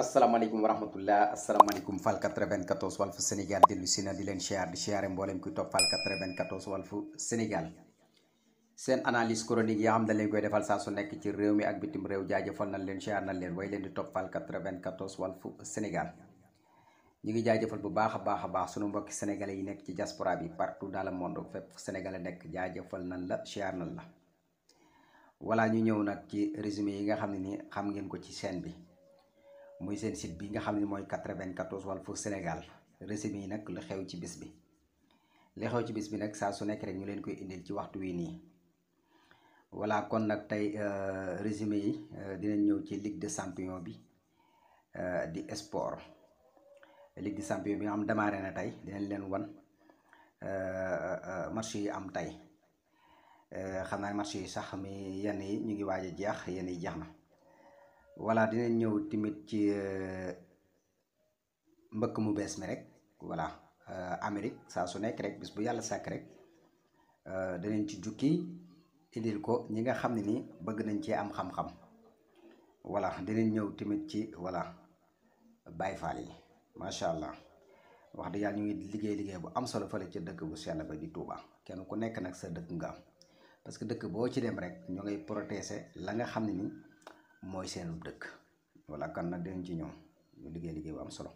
asalaamaaleykum wa rahmatullah asalaamaaleykum Fall 94 Walf Sénégal dellu si na di leen siyaar di siyaare mboolem kuy topp Fall 94 Walf Sénégal seen analyse chronique yi xam dañ leen koy defal saa su nekk ci réew mi ak bitim réew jaajëfal nañ leen siyaar nañ leen way leen di topp Fall 94 Walf Sénégal ñu ngi jaajëfal bu baax a baax a baax sunu mbokki sénégalais yi nekk ci diaspora bi partout dans le monde fépp sénégalais nekk jaajëfal nañ la siyaar na la. wala ñu ñëw nag ci résumé yi nga xam ne ni xam ngeen ko ci chaîne bi. muy seen sit bi nga xam ne mooy 94 Walfu Sénégal résumé yi nag lu xew ci bis bi li xew ci bis bi nag saa su nekk rek ñu leen koy indil ci waxtu wi nii voilà kon nag tey euh, résumé yi euh, dinañ ñëw ci Ligue des Champions bi euh, di sport Ligue des bi nga xam démarré na tey dinañ leen wan match yi am tey xam naa match yi sax mi yenn yi ñu ngi waaj jeex yenn yi jeex na voilà dinañ ñëw tamit ci euh, mbëkk mu bees mi rek voilà euh, Amérique saa su nekk rek bis bu yàlla sàkk rek euh, danañ ci jukki indil ko ñi nga xam ne ni bëgg nañ cee am xam-xam voilà dinañ ñëw tamit ci voilà Baye Fall yi macha allah wax dëgg yàlla ñu ngi liggéey liggéey bu am solo fële ca dëkk bu sell ba di Touba kenn ku nekk nag sa dëkk nga am parce que dëkk boo ci dem rek ñu ngay protéger la nga xam ne ni. mooy seenub dëkk wala kan nag dinañ ci ñëw ñu liggéey liggéey bu am solo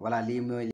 voilà lii mooy